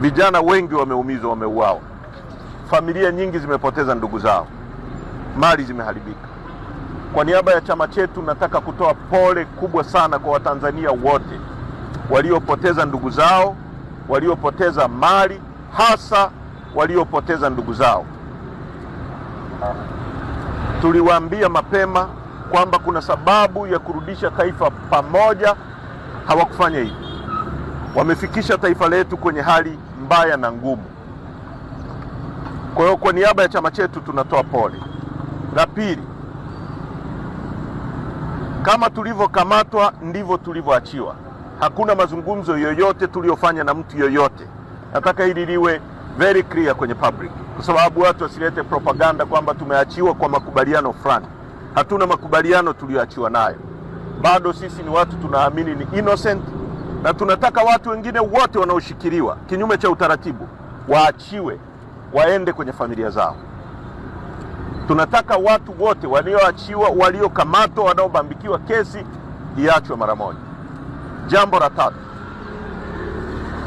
Vijana wengi wameumizwa, wameuawa, familia nyingi zimepoteza ndugu zao, mali zimeharibika. Kwa niaba ya chama chetu nataka kutoa pole kubwa sana kwa Watanzania wote waliopoteza ndugu zao, waliopoteza mali, hasa waliopoteza ndugu zao. Tuliwaambia mapema kwamba kuna sababu ya kurudisha taifa pamoja, hawakufanya hivyo wamefikisha taifa letu kwenye hali mbaya na ngumu. Kwa hiyo kwa niaba ya chama chetu tunatoa pole. La pili, kama tulivyokamatwa ndivyo tulivyoachiwa. Hakuna mazungumzo yoyote tuliyofanya na mtu yoyote. Nataka hili liwe very clear kwenye public, kwa sababu watu wasilete propaganda kwamba tumeachiwa kwa makubaliano fulani. Hatuna makubaliano tuliyoachiwa nayo. Bado sisi ni watu tunaamini ni innocent na tunataka watu wengine wote wanaoshikiliwa kinyume cha utaratibu waachiwe waende kwenye familia zao. Tunataka watu wote walioachiwa, waliokamatwa, wanaobambikiwa kesi iachwe mara moja. Jambo la tatu,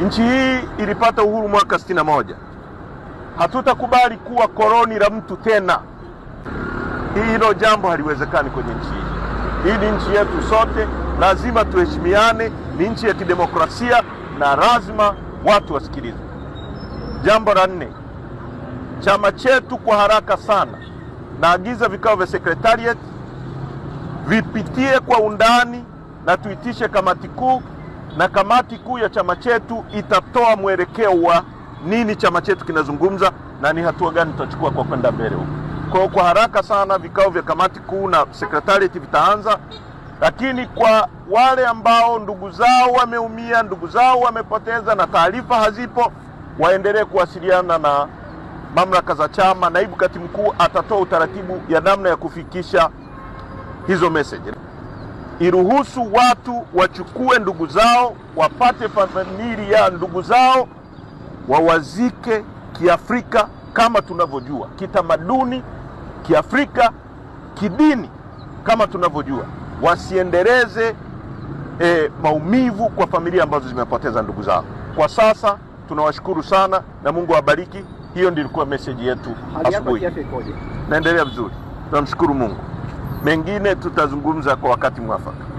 nchi hii ilipata uhuru mwaka sitini na moja. Hatutakubali kuwa koloni la mtu tena. Hilo jambo haliwezekani kwenye nchi hii. Hii ni nchi yetu sote, lazima tuheshimiane. Ni nchi ya kidemokrasia na lazima watu wasikilizwe. Jambo la nne, chama chetu kwa haraka sana, naagiza vikao vya secretariat vipitie kwa undani na tuitishe kamati kuu, na kamati kuu ya chama chetu itatoa mwelekeo wa nini chama chetu kinazungumza na ni hatua gani tutachukua kwa kwenda mbele huko. Kwa kwa haraka sana vikao vya kamati kuu na secretariat vitaanza. Lakini kwa wale ambao ndugu zao wameumia, ndugu zao wamepoteza na taarifa hazipo, waendelee kuwasiliana na mamlaka za chama. Naibu katibu mkuu atatoa utaratibu ya namna ya kufikisha hizo message. Iruhusu watu wachukue ndugu zao, wapate familia ya ndugu zao, wawazike Kiafrika kama tunavyojua, kitamaduni Kiafrika, kidini kama tunavyojua wasiendeleze e, maumivu kwa familia ambazo zimepoteza ndugu zao. Kwa sasa tunawashukuru sana na Mungu awabariki. Hiyo ndiyo ilikuwa meseji yetu asubuhi. Naendelea vizuri, tunamshukuru Mungu. Mengine tutazungumza kwa wakati mwafaka.